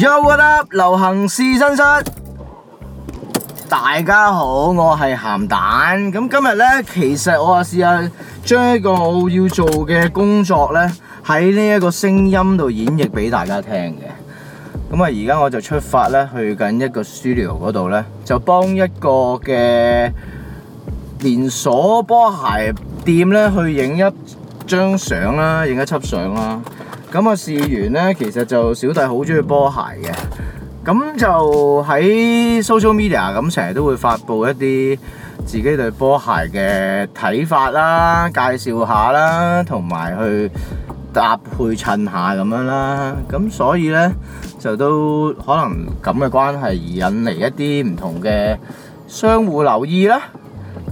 Yo，what up，流行試身室。大家好，我係咸蛋。咁今日呢，其實我啊試下將一個我要做嘅工作呢，喺呢一個聲音度演繹俾大家聽嘅。咁啊，而家我就出發呢，去緊一個 studio 嗰度呢，就幫一個嘅連鎖波鞋店呢，去影一張相啦，影一輯相啦。咁啊，試完呢，其實就小弟好中意波鞋嘅，咁就喺 social media 咁成日都會發布一啲自己對波鞋嘅睇法啦，介紹下啦，同埋去搭配襯下咁樣啦。咁所以呢，就都可能咁嘅關係而引嚟一啲唔同嘅相互留意啦。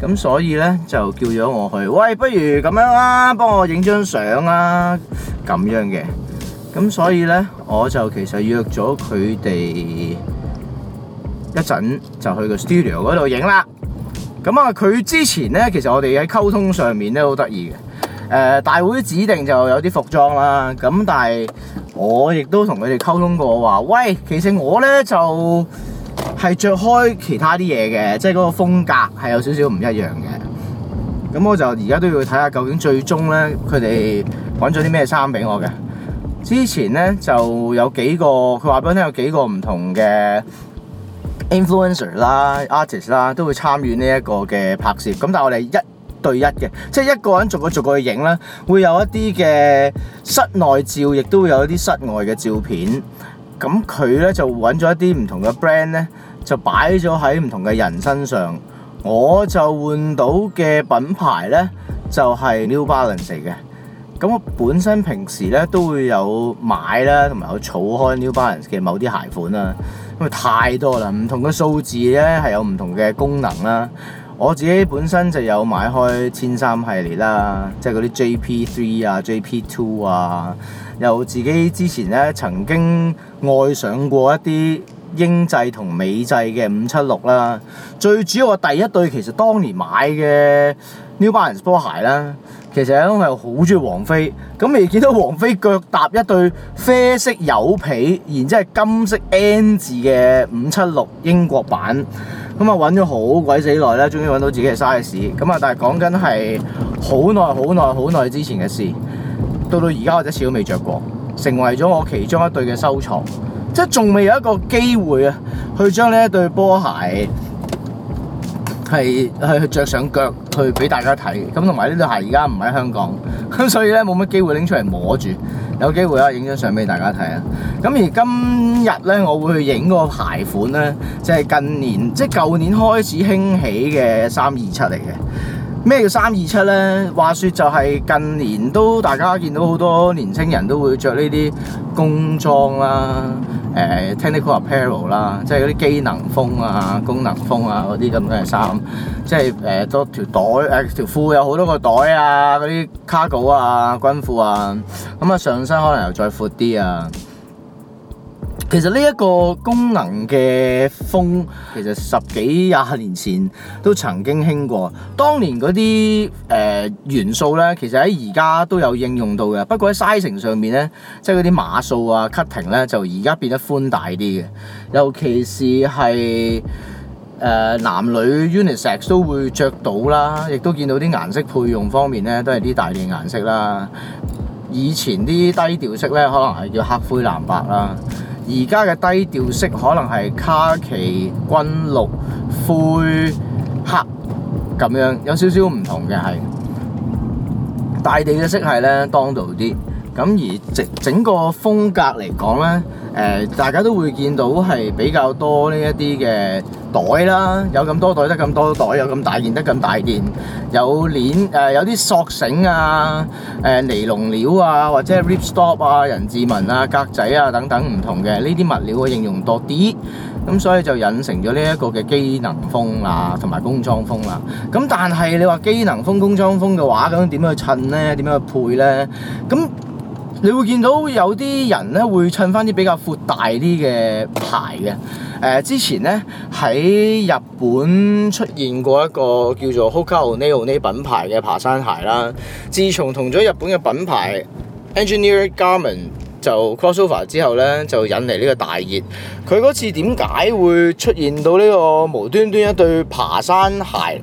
咁所以呢，就叫咗我去，喂，不如咁樣啦、啊，幫我影張相啦，咁樣嘅。咁所以呢，我就其實約咗佢哋一陣就去個 studio 嗰度影啦。咁啊，佢之前呢，其實我哋喺溝通上面呢，好得意嘅。誒、呃，大會指定就有啲服裝啦，咁但係我亦都同佢哋溝通過話，喂，其實我呢，就，係着開其他啲嘢嘅，即係嗰個風格係有少少唔一樣嘅。咁我就而家都要睇下究竟最終呢，佢哋揾咗啲咩衫俾我嘅。之前呢，就有幾個，佢話俾我聽有幾個唔同嘅 influencer 啦、artist 啦都會參與呢一個嘅拍攝。咁但係我哋一對一嘅，即係一個人逐個逐個去影啦，會有一啲嘅室內照，亦都會有一啲室外嘅照片。咁佢咧就揾咗一啲唔同嘅 brand 咧，就擺咗喺唔同嘅人身上。我就換到嘅品牌咧就係 New Balance 嚟嘅。咁我本身平時咧都會有買啦，同埋有儲開 New Balance 嘅某啲鞋款啦，因為太多啦，唔同嘅數字咧係有唔同嘅功能啦。我自己本身就有買開千三系列啦，即係嗰啲 JP Three 啊、JP Two 啊。又自己之前咧曾經愛上過一啲英製同美製嘅五七六啦，最主要第一對其實當年買嘅 New Balance 波鞋啦，其實係因為好中意王菲，咁你見到王菲腳踏一對啡色油皮，然之後金色 N 字嘅五七六英國版，咁啊揾咗好鬼死耐啦，終於揾到自己嘅 size。咁啊但係講緊係好耐好耐好耐之前嘅事。到到而家我隻鞋都未着過，成為咗我其中一對嘅收藏，即係仲未有一個機會啊，去將呢一對波鞋係去着上腳去俾大家睇。咁同埋呢對鞋而家唔喺香港，咁所以咧冇乜機會拎出嚟摸住。有機會啊，影張相俾大家睇啊。咁而今日咧，我會去影個鞋款咧，即係近年即係舊年開始興起嘅三二七嚟嘅。咩叫三二七咧？話說就係近年都大家見到好多年青人都會着呢啲工裝啦，誒、呃，technical apparel 啦，即係嗰啲機能風啊、功能風啊嗰啲咁嘅衫，即係誒、呃、多條袋，誒、呃、條褲有好多個袋啊，嗰啲 cargo 啊、軍褲啊，咁啊上身可能又再闊啲啊。其實呢一個功能嘅風，其實十幾廿年前都曾經興過。當年嗰啲誒元素呢，其實喺而家都有應用到嘅。不過喺 size 上面呢，即係嗰啲碼數啊、cutting 呢，就而家變得寬大啲嘅。尤其是係誒男女 Unisex 都會着到啦，亦都見到啲顏色配用方面呢，都係啲大嘅顏色啦。以前啲低調色呢，可能係叫黑灰藍白啦。而家嘅低調色可能係卡其、軍綠、灰、黑咁樣，有少少唔同嘅係大地嘅色系呢，當道啲。咁而整整個風格嚟講呢，誒，大家都會見到係比較多呢一啲嘅袋啦，有咁多袋得咁多袋，有咁大件得咁大件，有鏈，誒，有啲索繩啊，誒尼龍料啊，或者 ripstop 啊、人字紋啊、格仔啊等等唔同嘅呢啲物料嘅應用多啲，咁所以就引成咗呢一個嘅機能風啦，同埋工裝風啦。咁但係你話機能風工裝風嘅話，咁點樣去襯呢？點樣去配呢？咁？你會見到有啲人咧會襯翻啲比較闊大啲嘅鞋嘅。誒、呃、之前咧喺日本出現過一個叫做 Hoka One One 品牌嘅爬山鞋啦。自從同咗日本嘅品牌 Engineered Garments 就 Crossover 之後咧，就引嚟呢個大熱。佢嗰次點解會出現到呢、呢個無端端一對爬山鞋？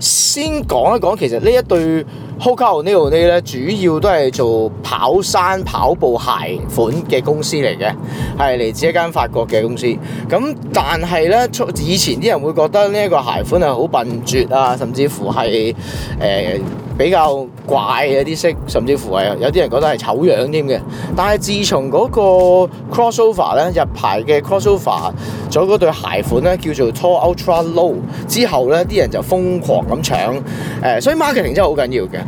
先講一講，其實呢一對。Hoka 呢度呢咧，主要都係做跑山跑步鞋款嘅公司嚟嘅，係嚟自一間法國嘅公司。咁但係咧，以前啲人會覺得呢一個鞋款係好笨拙啊，甚至乎係誒、呃、比較怪嘅一啲色，甚至乎係有啲人覺得係醜樣添嘅。但係自從嗰個 cross over 咧，入排嘅 cross over 咗嗰對鞋款咧，叫做 Tor Ultra Low 之後咧，啲人就瘋狂咁搶誒，所以 marketing 真係好緊要嘅。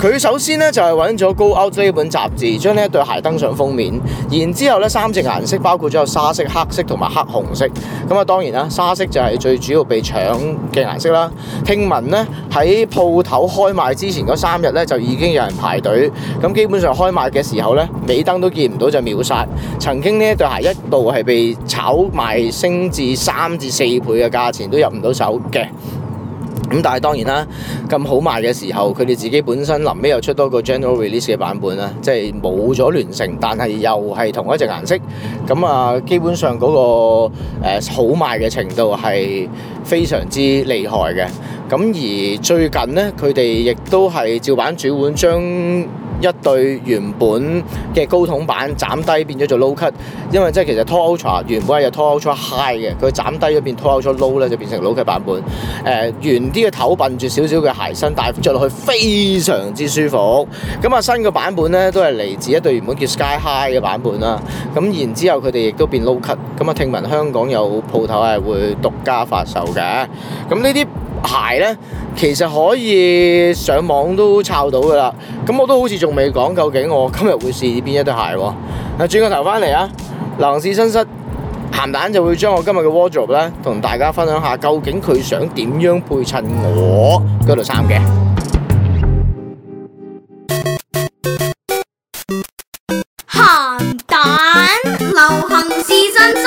佢首先咧就係揾咗《GO OUT》呢本雜誌，將呢一對鞋登上封面。然之後呢，三隻顏色包括咗有沙色、黑色同埋黑紅色。咁、嗯、啊，當然啦，沙色就係最主要被搶嘅顏色啦。聽聞呢，喺鋪頭開賣之前嗰三日呢，就已經有人排隊。咁基本上開賣嘅時候呢，尾燈都見唔到就秒殺。曾經咧，對鞋一度係被炒賣升至三至四倍嘅價錢，都入唔到手嘅。咁但係當然啦，咁好賣嘅時候，佢哋自己本身臨尾又出多個 general release 嘅版本啦，即係冇咗聯成，但係又係同一隻顏色，咁啊，基本上嗰個、呃、好賣嘅程度係非常之厲害嘅。咁而最近呢，佢哋亦都係照板煮碗將。一對原本嘅高筒版斬低變咗做 low cut，因為即係其實 Tor Ultra 原本係有 Tor Ultra high 嘅，佢斬低咗變 Tor Ultra low 咧，就變成 low cut 版本。誒、呃，圓啲嘅頭，笨住少少嘅鞋身，但係着落去非常之舒服。咁啊，新嘅版本咧都係嚟自一對原本叫 Sky High 嘅版本啦。咁然之後佢哋亦都變 low cut。咁啊，聽聞香港有鋪頭係會獨家發售嘅。咁呢啲。鞋咧，其實可以上網都抄到噶啦。咁我都好似仲未講，究竟我今日會試邊一對鞋喎？啊，轉個頭翻嚟啊，流行試身室鹹蛋就會將我今日嘅 wardrobe 咧，同大家分享下，究竟佢想點樣配襯我嗰度衫嘅？鹹蛋流行試身室。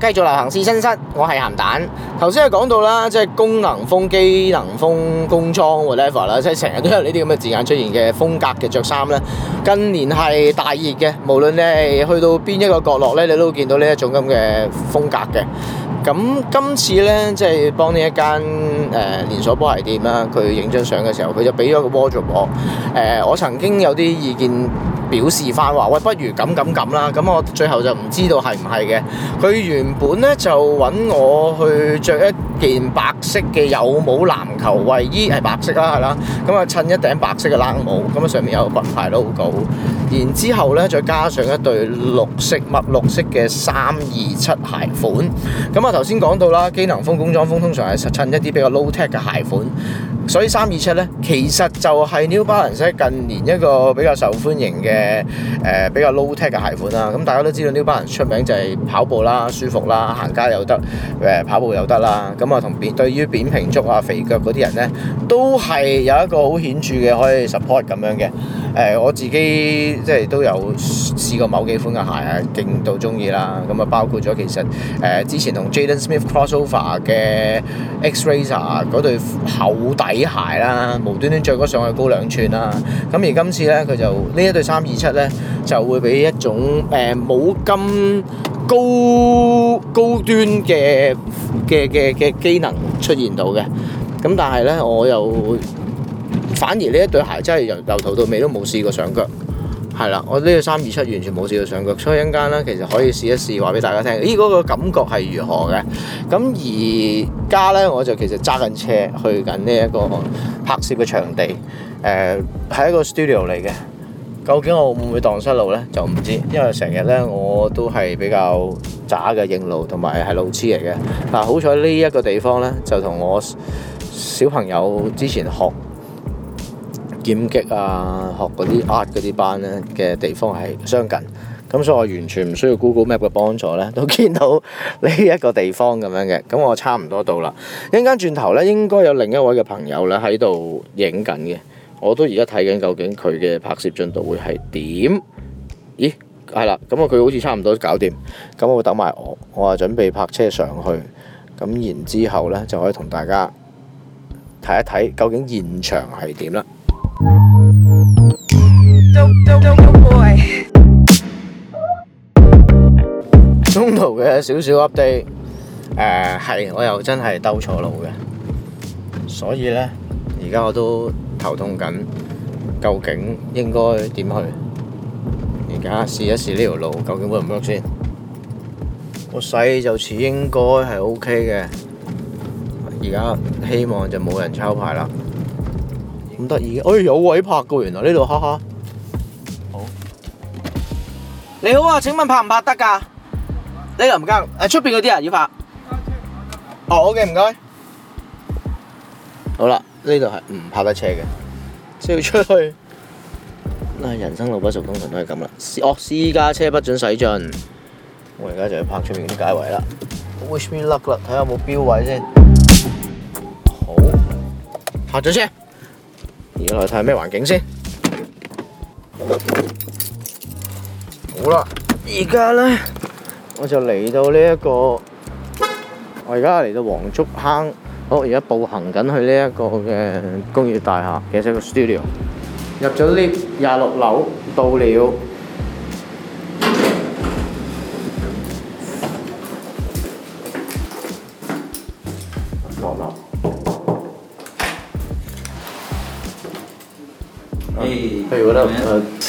繼續流行試身室，我係鹹蛋。頭先又講到啦，即係功能風、機能風工裝 whatever 啦，whatever, 即係成日都有呢啲咁嘅字眼出現嘅風格嘅着衫啦。近年係大熱嘅，無論你係去到邊一個角落咧，你都會見到呢一種咁嘅風格嘅。咁今次呢，即係幫呢一間誒、呃、連鎖波鞋店啦，佢影張相嘅時候，佢就俾咗個 wardrobe 我。誒、呃，我曾經有啲意見表示翻話，喂，不如咁咁咁啦。咁我最後就唔知道係唔係嘅。佢原本呢，就揾我去着一件白色嘅有帽籃球衞衣，係白色啦，係啦。咁啊，襯一頂白色嘅冷帽，咁啊，上面有個品牌 logo。然之後咧，再加上一對綠色、墨綠色嘅三二七鞋款。咁啊，頭先講到啦，機能風、工裝風通常係襯一啲比較 low tech 嘅鞋款，所以三二七咧，其實就係 New Balance 近年一個比較受歡迎嘅，誒比較 low tech 嘅鞋款啦。咁大家都知道 New Balance 出名就係跑步啦、舒服啦、行街又得，誒跑步又得啦。咁啊，同扁對於扁平足啊、肥腳嗰啲人咧，都係有一個好顯著嘅可以 support 咁樣嘅。誒，我自己。即係都有試過某幾款嘅鞋啊，勁到中意啦！咁啊，包括咗其實誒、呃、之前同 Jaden Smith Crossover 嘅 X Razor、er、嗰對厚底鞋啦，無端端着咗上去高兩寸啦。咁、啊、而今次咧，佢就一呢一對三二七咧，就會俾一種誒冇咁高高端嘅嘅嘅嘅機能出現到嘅。咁但係咧，我又反而呢一對鞋真係由由頭到尾都冇試過上腳。係啦，我呢個三二七完全冇試過上腳，所以陣間咧其實可以試一試，話俾大家聽，咦嗰、那個感覺係如何嘅？咁而家咧我就其實揸緊車去緊呢一個拍攝嘅場地，誒、呃、係一個 studio 嚟嘅。究竟我會唔會蕩失路咧？就唔知，因為成日咧我都係比較渣嘅認路同埋係路痴嚟嘅。嗱，好彩呢一個地方咧就同我小朋友之前學。劍擊啊，學嗰啲 art 嗰啲班咧嘅地方係相近，咁所以我完全唔需要 Google Map 嘅幫助咧，都見到呢一個地方咁樣嘅。咁我差唔多到啦，會一陣間轉頭咧，應該有另一位嘅朋友咧喺度影緊嘅。我都而家睇緊，究竟佢嘅拍攝進度會係點？咦，係啦，咁啊佢好似差唔多搞掂，咁我等埋我，我啊準備泊車上去，咁然之後咧就可以同大家睇一睇究竟現場係點啦。中途嘅少少 update，誒係，我又真係兜錯路嘅，所以呢而家我都頭痛緊，究竟應該點去？而家試一試呢條路究竟會唔會碌先？我細就似應該係 OK 嘅，而家希望就冇人抄牌啦。咁得意嘅，哎有位拍嘅，原來呢度，哈哈。你好啊，請問拍唔拍得噶？呢度唔得，誒，出邊嗰啲啊要拍。哦，O K，唔該。好啦，呢度係唔拍得車嘅，需要出去。人生路不熟，通常都係咁啦。哦，私家車不准駛進。我而家就要拍出面嗰啲街位啦。Wish me luck 啦，睇下有冇標位先。好，下左車。而家嚟睇下咩環境先？好啦，而家咧，我就嚟到呢、這、一個，我而家嚟到黃竹坑，好，而家步行緊去呢、這個呃、一個嘅工業大廈嘅一個 studio，入咗 lift 廿六樓，到了，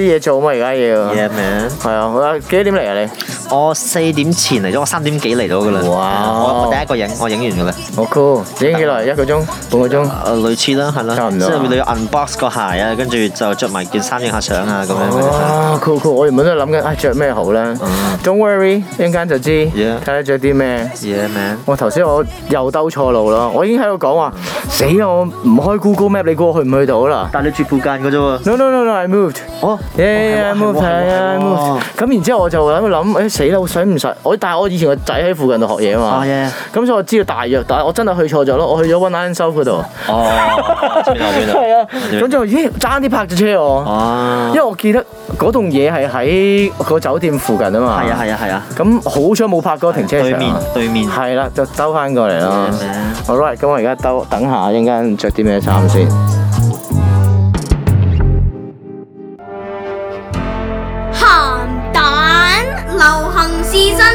啲嘢做嘛，而家要，係啊 Yeah, man.，幾點嚟啊你？我四點前嚟咗，我三點幾嚟咗噶啦。哇！我第一個影，我影完噶啦。好 cool！影幾耐？一個鐘？半個鐘？誒，類似啦，係咯，差唔多。之後要 unbox 個鞋啊，跟住就着埋件衫影下相啊，咁樣。哦，cool cool！我原本都諗緊，誒，着咩好咧？Don't worry，一陣間就知。睇下着啲咩？Yeah man！我頭先我又兜錯路咯，我已經喺度講話，死我唔開 Google Map，你估我去唔去到啦？但你住附近噶啫喎。No no no no，I moved。哦？Yeah yeah I moved，yeah yeah I moved。咁然之後我就喺度諗，誒。死啦！我想唔實，我但係我以前個仔喺附近度學嘢啊嘛，咁、oh, yeah. 嗯、所以我知道大約，但係我真係去錯咗咯，我去咗 One Angel 嗰度，係 啊，咁就咦差啲拍咗車我，oh. 因為我記得嗰棟嘢係喺個酒店附近啊嘛，係啊係啊係啊，咁好彩冇拍嗰個停車場 Yeah, yeah.、嗯，對面對面，係啦、啊，就兜翻過嚟咯。好啦，咁我而家兜，等一下等一陣間着啲咩衫先。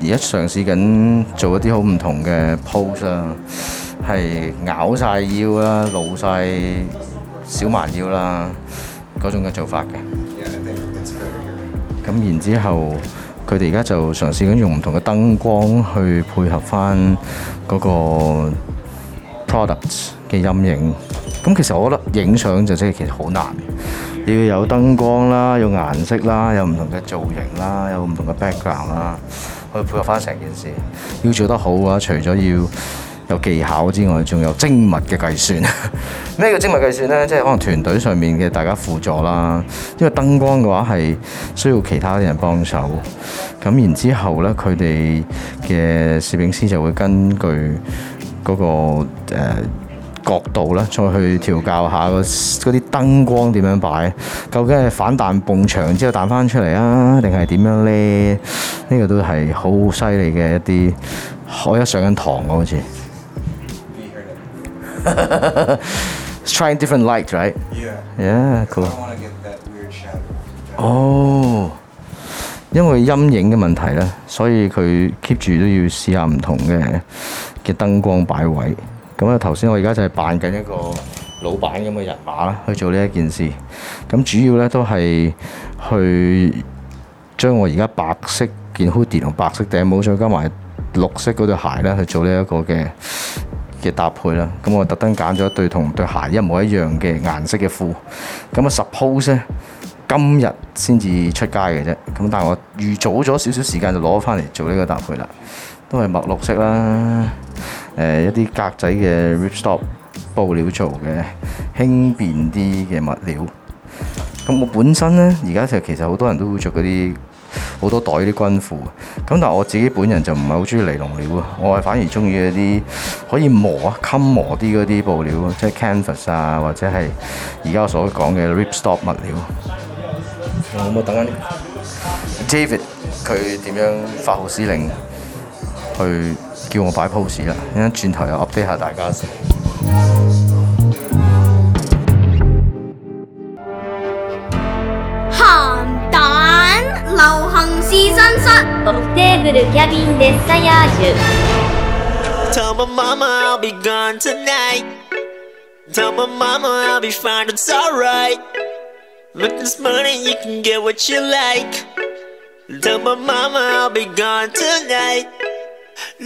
而家嘗試緊做一啲好唔同嘅 pose 啦，係咬晒腰啦、露晒小蠻腰啦嗰種嘅做法嘅。咁然之後，佢哋而家就嘗試緊用唔同嘅燈光去配合翻嗰個 products 嘅陰影。咁其實我覺得影相就真係其實好難，要有燈光啦、有顏色啦、有唔同嘅造型啦、有唔同嘅 background 啦。去配合翻成件事，要做得好嘅話，除咗要有技巧之外，仲有精密嘅計算。咩 叫精密計算呢？即係可能團隊上面嘅大家輔助啦，因為燈光嘅話係需要其他啲人幫手。咁然之後呢，佢哋嘅攝影師就會根據嗰、嗰個、呃角度咧，再去調校下嗰啲燈光點樣擺，究竟係反彈碰牆之後彈翻出嚟啊，定係點樣咧？呢、這個都係好犀利嘅一啲，我一上緊堂啊，好似。哈哈哈哈哈。Trying different light, right? Yeah. Yeah, cool. o、oh, 因為陰影嘅問題咧，所以佢 keep 住都要試下唔同嘅嘅燈光擺位。咁啊，頭先我而家就係扮緊一個老闆咁嘅人馬啦，去做呢一件事。咁主要呢都係去將我而家白色件 hoodie 同白色頂帽再加埋綠色嗰對鞋呢去做呢一個嘅嘅搭配啦。咁我特登揀咗一對同對鞋一模一樣嘅顏色嘅褲。咁啊，Suppose 呢，今日先至出街嘅啫。咁但係我預早咗少少時間就攞翻嚟做呢個搭配啦，都係墨綠色啦。誒一啲格仔嘅 ripstop 布料做嘅輕便啲嘅物料，咁我本身咧而家就其實好多人都會着嗰啲好多袋啲軍褲，咁但係我自己本人就唔係好中意尼龍料啊，我係反而中意一啲可以磨啊襟磨啲嗰啲布料，即係 canvas 啊或者係而家我所講嘅 ripstop 物料。我冇等緊 David 佢點樣發號施令去。叫我擺 pose 啦，咁轉頭又 update 下大家先。鹹蛋流行是真實。.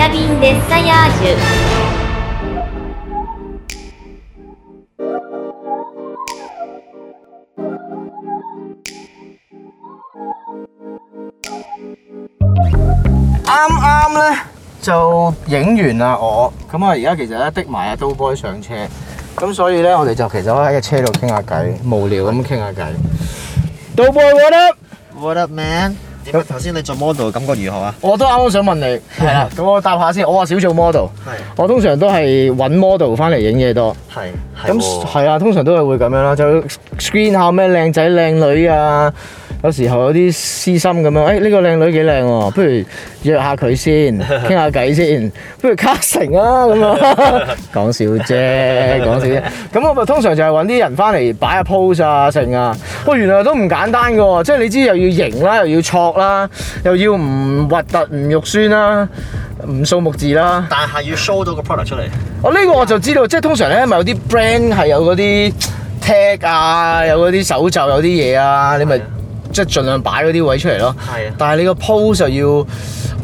啱啱咧就影完啦我，咁啊而家其實咧的埋阿刀 boy 上車，咁所以咧我哋就其實可喺個車度傾下偈，無聊咁傾下偈。刀 boy，what up？What up，man？頭先你做 model 感覺如何啊？我都啱啱想問你，係啦 Yeah. 吧，咁我答下先。我話少做 model，係係，我通常都係揾 model 翻嚟影嘢多，係，咁係啊，通常都係會咁樣啦，就 screen 下咩靚仔靚女啊。有時候有啲私心咁樣，誒、哎、呢、這個靚女幾靚喎，不如約下佢先，傾下偈先，不如 casting 啊咁啊！講笑啫，講笑啫。咁我咪通常就係揾啲人返嚟擺下 pose 啊，成啊。喂、哦，原來都唔簡單㗎喎，即係你知又要型啦，又要 chok 啦，又要唔核突唔肉酸啦，唔數目字啦。但係要 show 到個 product 出嚟。我呢、哦這個我就知道，即係通常咧，咪有啲 brand 係有嗰啲 tag 啊，有嗰啲手袖，有啲嘢啊，你咪、就。是即係盡量擺嗰啲位出嚟咯，是的 但係你個 pose 就要，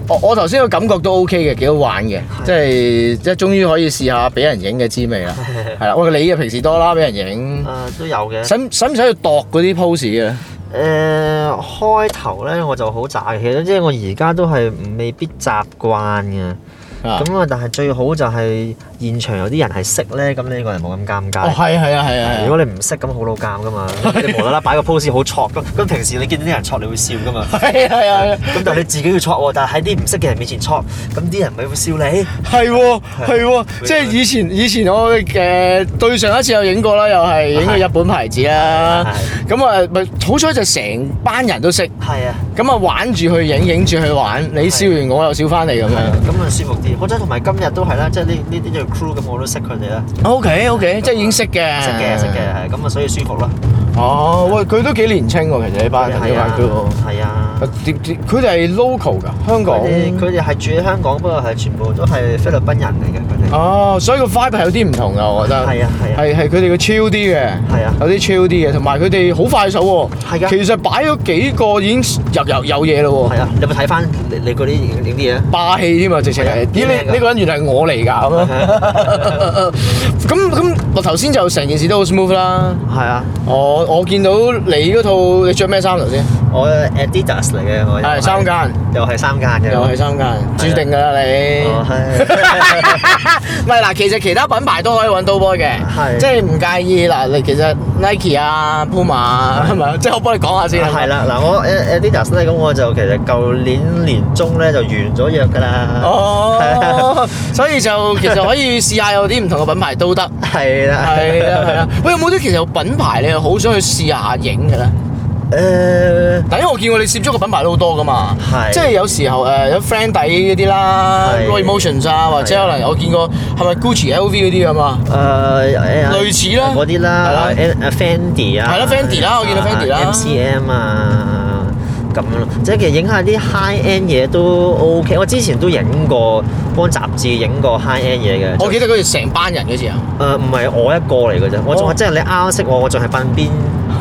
我我頭先個感覺都 OK 嘅，幾好玩嘅，是的 即係即係終於可以試下俾人影嘅滋味啦，係啦。喂，你嘅平時多啦，俾人影，誒、呃、都有嘅。使使唔使去度嗰啲 pose 嘅？誒、呃，開頭咧我就好炸嘅，即係我而家都係未必習慣嘅，咁啊，但係最好就係、是。現場有啲人係識咧，咁呢個人冇咁尷尬。哦，係啊，係啊，係啊。如果你唔識，咁好老尷噶嘛。你無啦啦擺個 pose 好戳，咁咁平時你見到啲人戳，你會笑噶嘛？係啊，係啊。咁但係你自己要戳喎，但係喺啲唔識嘅人面前戳，咁啲人咪會笑你。係喎，係喎，即係以前以前我嘅對上一次有影過啦，又係影個日本牌子啦。係。咁啊咪好彩就成班人都識。係啊。咁啊玩住去影，影住去玩，你笑完我又笑翻你咁樣。係。咁啊舒服啲，好彩同埋今日都係啦，即係呢呢呢 Crew 咁我都識佢哋啦。OK，OK，即係已經識嘅。識嘅，識嘅，係咁啊，所以舒服咯。哦，喂，佢都幾年青喎，其實呢班呢班佢。係啊。佢哋係 local 㗎，香港。佢哋係住喺香港，不過係全部都係菲律賓人嚟嘅。佢哋，哦，所以個 vibe 係有啲唔同嘅，我覺得。係啊係啊。係係佢哋嘅超啲嘅。係啊。有啲超啲嘅，同埋佢哋好快手喎。係其實擺咗幾個已經入入有嘢啦喎。係啊。你咪睇翻你嗰啲點啲嘢啊？霸氣添啊！直情係。咦？呢呢個人原來係我嚟㗎。咁咁，我頭先就成件事都好 smooth 啦。係啊。哦。我見到你嗰套你，你著咩衫頭先？我 Adidas 嚟嘅，可以。係三間，又係三間嘅，又係三間，注定噶啦你。哦係，唔係嗱，其實其他品牌都可以揾到波嘅，即係唔介意嗱。你其實 Nike 啊、Puma 啊，係咪即係我幫你講下先啊？係啦，嗱，我 Adidas 咧咁我就其實舊年年中咧就完咗約噶啦。哦，所以就其實可以試下有啲唔同嘅品牌都得。係啦，係啦，係啦。喂，有冇啲其實有品牌你又好想去試下影嘅咧？誒，但因為我見過你涉足嘅品牌都好多噶嘛，即係有時候誒有 Fendi 嗰啲啦，Emotions 啊，或者可能我見過係咪 Gucci、LV 嗰啲啊嘛。誒，類似啦，嗰啲啦，Fendi 啊，係啦，Fendi 啦，我見到 Fendi 啦，MCM 啊，咁咯，即係其實影下啲 high end 嘢都 OK。我之前都影過幫雜誌影過 high end 嘢嘅。我記得佢哋成班人嗰時啊。誒，唔係我一個嚟嘅啫，我仲係即係你啱啱識我，我仲係邊邊，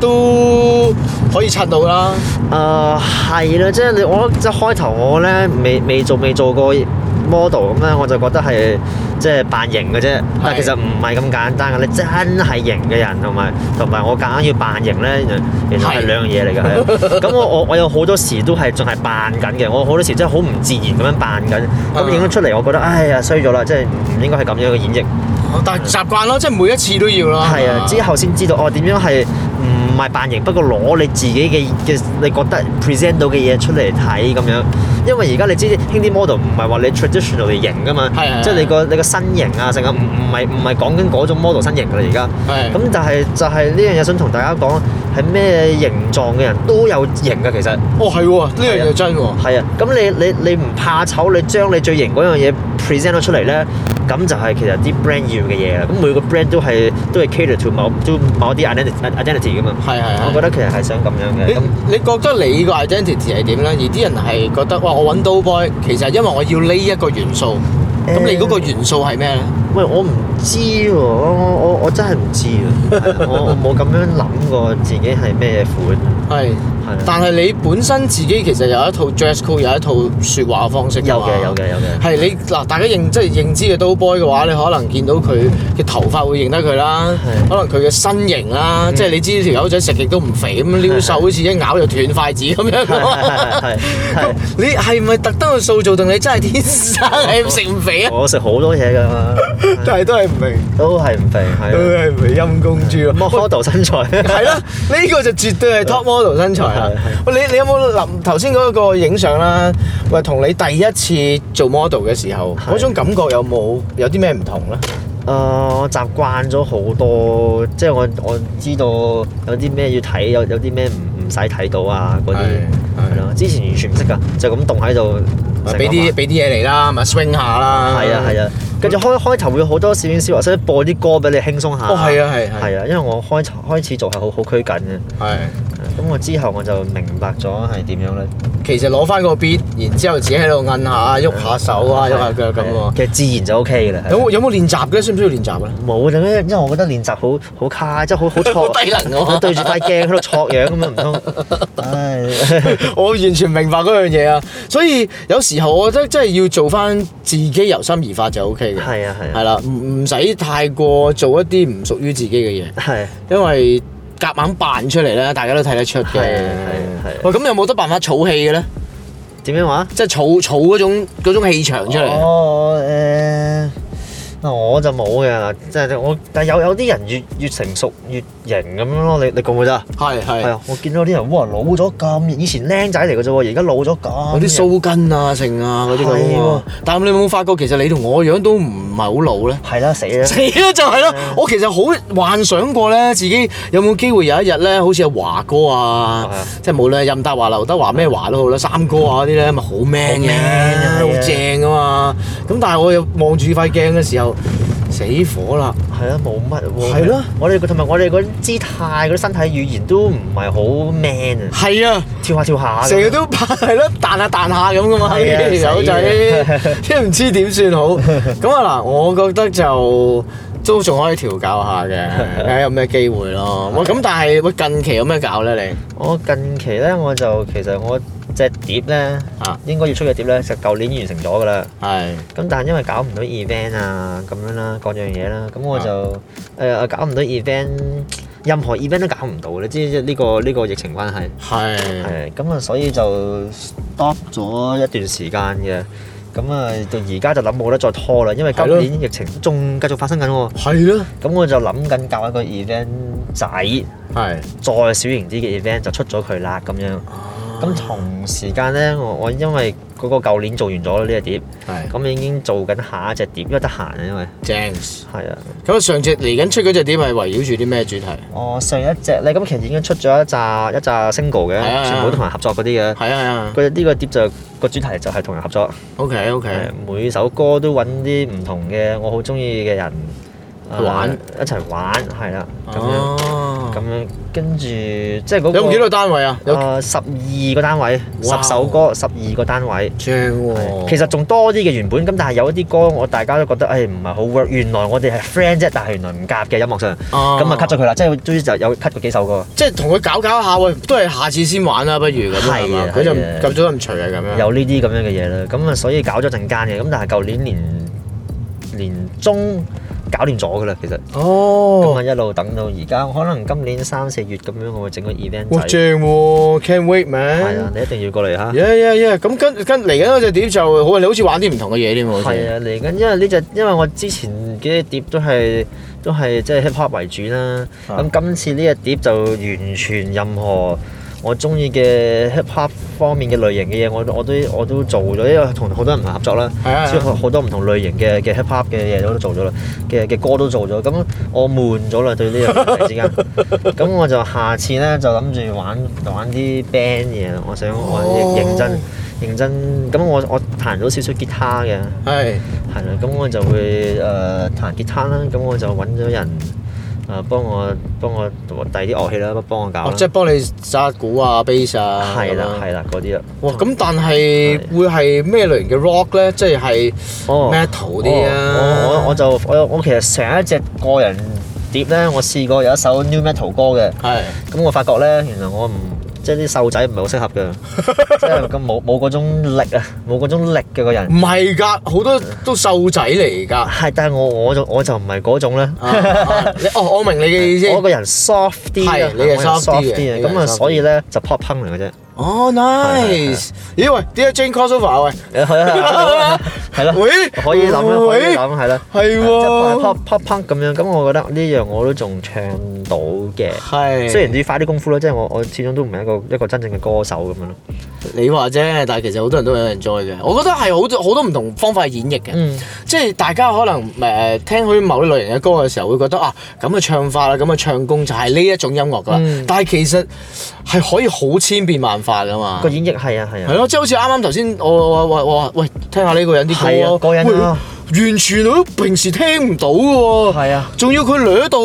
都可以刷到啦、uh。誒係啦，即係你我即係開頭我咧未未做未做過 model 咁咧，我就覺得係即係扮型嘅啫。但其實唔係咁簡單嘅。你真係型嘅人同埋同埋我夾硬要扮型咧，原來係兩樣嘢嚟㗎。係咁， 我我我有好多時都係仲係扮緊嘅。我好多時真係好唔自然咁樣扮緊，咁影咗出嚟，我覺得哎呀衰咗啦，即係唔應該係咁樣嘅演繹。Uh huh. 但係習慣咯，即係每一次都要啦。係啊的，之後先知道哦，點樣係嗯。賣扮型，不過攞你自己嘅嘅你覺得 present 到嘅嘢，出嚟睇咁樣，因為而家你知，啲輕啲 model 唔係話你 traditional 嚟型噶嘛，是的 即係你個你個身形啊，成日唔唔係唔係講緊嗰種 model 身形噶啦而家咁是的 就係、是、就係呢樣嘢想同大家講，係咩形狀嘅人都有型噶其實。哦係喎，呢樣嘢真喎。係啊，咁你你你唔怕醜，你將你，你，你最型嗰樣嘢。present 咗出嚟咧，咁就係其實啲 brand 要嘅嘢，咁每個 brand 都係都係 cater to 某都某啲 identity 嘅嘛。係係。我覺得其實係想咁樣嘅。咁、欸、那你覺得你個 identity 係點咧？而啲人係覺得哇，我揾到 o b o y 其實因為我要呢一個元素。咁你嗰個元素係咩咧？嗯我唔知喎，我我我真係唔知啊！我我冇咁樣諗過自己係咩款啊！係，但係你本身自己其實有一套 dress code，有一套説話方式。有嘅，有嘅，有嘅。係你嗱，大家認即係認知嘅刀 boy 嘅話，你可能見到佢嘅頭髮會認得佢啦，可能佢嘅身形啦，即係你知條狗仔食極都唔肥咁撩瘦，好似一咬就斷筷子咁樣。係係係。你係咪特登去塑造定你真係天生係唔食唔肥啊？我食好多嘢㗎。但係都係唔平，都係唔平，都係陰公豬咯。model 身材係啦，呢個就絕對係 top model 身材喂，你你有冇諗頭先嗰個影相啦？喂，同你第一次做 model 嘅時候，嗰種感覺有冇有啲咩唔同咧？誒，我習慣咗好多，即係我我知道有啲咩要睇，有有啲咩唔唔使睇到啊，嗰啲係咯。之前完全唔識㗎，就咁動喺度，俾啲俾啲嘢嚟啦，咪 swing 下啦。係啊，係啊。跟住開開頭會好多攝影師或者播啲歌俾你輕鬆下。哦，係啊，係係啊，啊，啊，因為我開開始做係好好拘謹嘅。係、啊。咁我之後我就明白咗係點樣咧。其實攞翻個 b 然之後自己喺度摁下、喐下手啊、喐下腳咁喎。其實自然就 O K 啦。有有冇練習嘅？需唔需要練習啊？冇啊，因為我覺得練習好好卡，即係好好挫。好 低能我對住塊鏡喺度挫樣咁啊，唔通？我完全明白嗰樣嘢啊，所以有時候我覺得真係要做翻自己由心而發就 O K 嘅。係啊係。係啦，唔唔使太過做一啲唔屬於自己嘅嘢。係對對。因為。夾硬扮出嚟咧，大家都睇得出嘅。喂、啊，咁、啊啊啊哦、有冇得辦法儲氣嘅呢？點樣話？即係儲儲嗰種嗰種氣場出嚟。哦呃我就冇嘅，即係我，但係有有啲人越越成熟越型咁樣咯。你你覺唔覺得啊？係係，我見到啲人哇老咗咁，以前靚仔嚟嘅啫喎，而家老咗咁。有啲鬚根啊剩啊嗰啲咁啊。係喎，但係你有冇發覺其實你同我樣都唔係好老咧？係啦，死啦！死啦就係咯。我其實好幻想過咧，自己有冇機會有一日咧，好似阿華哥啊，即係無論係任達華、劉德華咩華都好啦，三哥啊嗰啲咧，咪好 man 嘅，好正噶嘛。咁但係我又望住塊鏡嘅時候。死火啦，係啊，冇乜喎，係咯、啊，我哋同埋我哋嗰啲姿態、嗰啲身體語言都唔係好 man 啊，係啊，跳下跳下，成日都拍咯，彈下彈下咁噶嘛，條友仔即係唔知點算好，咁啊嗱，我覺得就都仲可以調教下嘅，睇下 有咩機會咯。咁 但係喂，近期有咩教咧你？我近期咧，我就其實我。隻碟咧，啊、應該要出嘅碟咧，就舊年完成咗噶啦。係是。咁但係因為搞唔到 event 啊，咁樣啦，各樣嘢啦，咁我就誒是、呃、搞唔到 event，任何 event 都搞唔到你知呢、呢個呢、呢個疫情關係。係是。誒，咁啊，所以就 stop 咗一段時間嘅。咁啊，到而家就諗冇得再拖啦，因為今年疫情仲繼續發生緊喎。係咯的。咁我就諗緊搞一個 event 仔，係的。再小型啲嘅 event 就出咗佢啦，咁樣。咁同時間咧，我我因為嗰個舊年做完咗呢隻碟，咁是已經做緊下一隻碟，因為得閒啊，因為正式，係啊。咁上隻嚟緊出嗰隻碟係圍繞住啲咩主題？哦，上一隻咧，咁其實已經出咗一扎一紮 single 嘅，啊、全部都同人合作嗰啲嘅。係啊係啊，佢呢、啊、個碟就個主題就係同人合作。O K O K，每首歌都揾啲唔同嘅，我好中意嘅人。玩一齊玩，係啦，咁樣咁樣跟住即係有幾多單位啊？有十二個單位，十首歌，十二個單位，其實仲多啲嘅原本咁，但係有一啲歌我大家都覺得誒唔係好 work。原來我哋係 friend 啫，但係原來唔夾嘅音樂上，咁啊 cut 咗佢啦，即係總之就有 cut 咗幾首歌。即係同佢搞搞下喂，都係下次先玩啦，不如咁啊？佢就咁早咁除啊，咁樣有呢啲咁樣嘅嘢啦。咁啊，所以搞咗陣間嘅咁，但係舊年年年中。搞掂咗㗎喇，其實哦，咁啊一路等到而家，可能今年三四月咁樣，我會整個 event。哇，正喎、啊、 ，can't wait 咩？係啊，你一定要過嚟嚇。呀呀呀，咁跟跟嚟緊嗰隻碟就，好似你好似玩啲唔同嘅嘢添喎。係啊，嚟緊，因為呢隻，因為我之前嘅碟都係都係即係 hip hop 為主啦。咁 今次呢隻碟就完全任何。我中意嘅 hip hop 方面嘅類型嘅嘢，我我都我都做咗，因為同好多人合作啦，所以好多唔同類型嘅嘅 hip hop 嘅嘢我都做咗啦，嘅嘅歌都做咗。咁我悶咗啦，對呢樣嘢之間，咁 我就下次咧就諗住玩玩啲 band 嘢，我想玩認真認真。咁我我彈咗少少吉他嘅，係係啦。咁我就會誒、呃、彈吉他啦。咁我就揾咗人。啊！幫我幫我帶啲樂器啦，幫我搞、哦。即係幫你揸鼓啊，bass。係啦、啊，係啦了，嗰啲啦。哇！咁但係了會係咩類型嘅 rock 咧？即係係 metal 啲啊？哦哦、我我我就我我其實成一隻個人碟咧，我試過有一首 new metal 歌嘅。係的。咁、嗯、我發覺咧，原來我唔。即係啲瘦仔唔係好適合嘅， 即係咁冇嗰種力啊，冇嗰種力嘅個人。唔係㗎，好多都瘦仔嚟㗎。但係我，我就我就唔係嗰種咧、uh, uh。 哦，我明你嘅意思。我個人 soft 啲啊，你係 soft 啲所以就 pop 烹嚟嘅啫。哦、oh，nice！ 咦喂，d 啲阿 Jean Casufer 喂，係啦，係啦， 可以諗可以諗，係啦，係喎，啪啪啪咁樣，咁我覺得呢樣我都仲唱到嘅，係， 是雖然要花啲功夫咯，即係我我始終都唔係一個一個真正嘅歌手咁樣咯。你話啫，但係其實好多人都有 enjoy 嘅。我覺得係好多好多唔同方法去演繹嘅，嗯、即係大家可能誒、呃、聽佢某啲類型嘅歌嘅時候，會覺得啊，咁嘅唱法啦，咁嘅唱功就係呢一種音樂噶啦。嗯、但係其實係可以好千變萬化噶嘛。個演繹係啊係啊，係咯、啊，即係、啊、好似啱啱頭先我我我話喂，聽下呢個人啲歌、啊、過癮、啊完全我平時聽唔到嘅喎，係啊，仲要佢掠到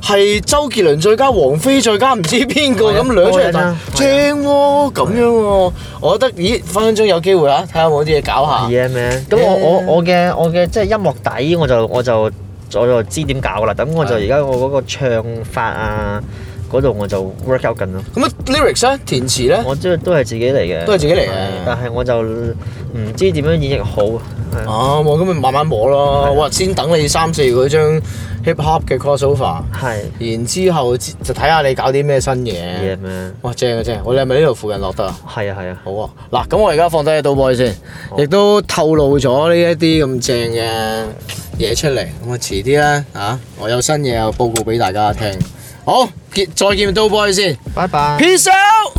係周杰倫再加王菲再加唔知邊個咁掠出嚟聽喎，咁樣喎，我覺得咦分分鐘有機會啊，睇下有冇啲嘢搞下，咁我我我嘅我嘅即係音樂底我就我就我就知點搞啦，咁我就而家我嗰個唱法啊。嗰度我就 work out 緊咯。咁啊，lyrics 咧，填詞咧，我即係都係自己嚟嘅，都係自己嚟嘅。但係我就唔知點樣演繹好。哦，我咁咪慢慢摸咯。我話的先等你三四個張 hip hop 嘅 crossover 的。係。然之後就睇下你搞啲咩新嘢。嘢咩麼？哇，正啊正啊！我哋係咪呢度附近落得啊？係啊係啊。好啊。嗱，咁我而家放低賭博先，亦好都透露咗呢一啲咁正嘅嘢出嚟。咁啊，遲啲咧吓！我有新嘢又報告俾大家聽。好，結再見，都播去先，拜拜，Peace out。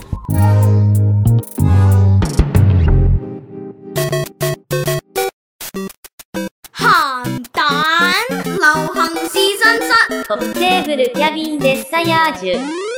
鹹 蛋流行是真失。